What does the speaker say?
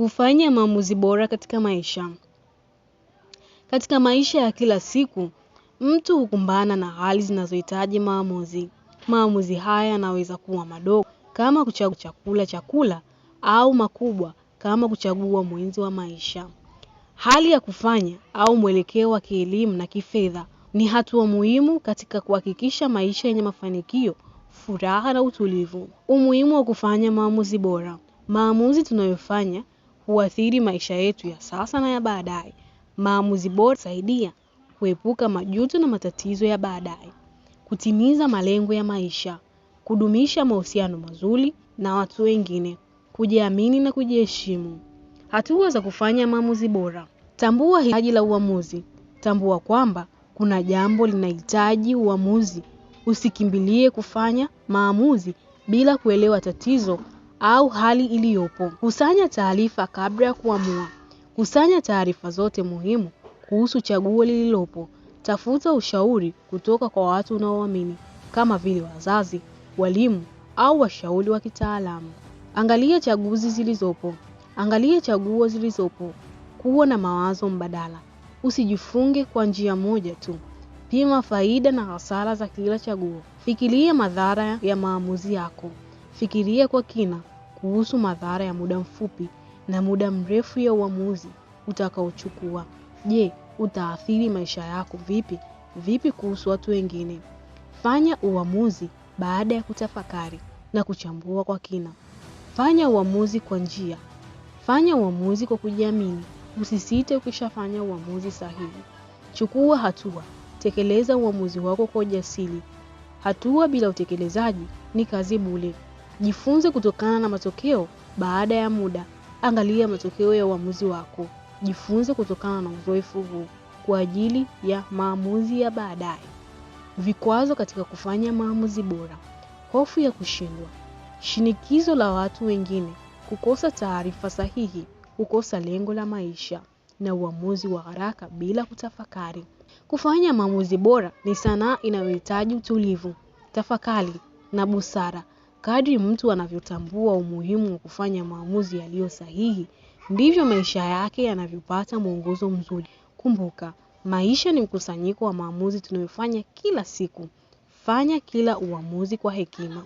kufanya maamuzi bora katika maisha. Katika maisha ya kila siku, mtu hukumbana na hali zinazohitaji maamuzi. Maamuzi haya yanaweza kuwa madogo kama kuchagua chakula chakula au makubwa kama kuchagua mwenzi wa maisha. Hali ya kufanya au mwelekeo wa kielimu na kifedha ni hatua muhimu katika kuhakikisha maisha yenye mafanikio, furaha na utulivu. Umuhimu wa kufanya maamuzi bora. Maamuzi tunayofanya huathiri maisha yetu ya sasa na ya baadaye. Maamuzi bora husaidia kuepuka majuto na matatizo ya baadaye, kutimiza malengo ya maisha, kudumisha mahusiano mazuri na watu wengine, kujiamini na kujiheshimu. Hatua za kufanya maamuzi bora. Tambua hitaji la uamuzi. Tambua kwamba kuna jambo linahitaji uamuzi. Usikimbilie kufanya maamuzi bila kuelewa tatizo au hali iliyopo. Kusanya taarifa kabla ya kuamua. Kusanya taarifa zote muhimu kuhusu chaguo lililopo. Tafuta ushauri kutoka kwa watu unaoamini kama vile wazazi, walimu au washauri wa kitaalamu. Angalia chaguzi zilizopo. Angalia chaguo zilizopo. Kuwa na mawazo mbadala. Usijifunge kwa njia moja tu. Pima faida na hasara za kila chaguo. Fikiria madhara ya maamuzi yako. Fikiria kwa kina kuhusu madhara ya muda mfupi na muda mrefu ya uamuzi utakaochukua. Je, utaathiri maisha yako vipi? Vipi kuhusu watu wengine? Fanya uamuzi baada ya kutafakari na kuchambua kwa kina. Fanya uamuzi kwa njia. Fanya uamuzi kwa kujiamini. Usisite ukishafanya uamuzi sahihi. Chukua hatua. Tekeleza uamuzi wako kwa ujasiri. Hatua bila utekelezaji ni kazi bure. Jifunze kutokana na matokeo baada ya muda. Angalia matokeo ya uamuzi wako. Jifunze kutokana na uzoefu huu kwa ajili ya maamuzi ya baadaye. Vikwazo katika kufanya maamuzi bora: hofu ya kushindwa, shinikizo la watu wengine, kukosa taarifa sahihi, kukosa lengo la maisha na uamuzi wa haraka bila kutafakari. Kufanya maamuzi bora ni sanaa inayohitaji utulivu, tafakari na busara. Kadri mtu anavyotambua umuhimu wa kufanya maamuzi yaliyo sahihi, ndivyo maisha yake yanavyopata mwongozo mzuri. Kumbuka, maisha ni mkusanyiko wa maamuzi tunayofanya kila siku. Fanya kila uamuzi kwa hekima.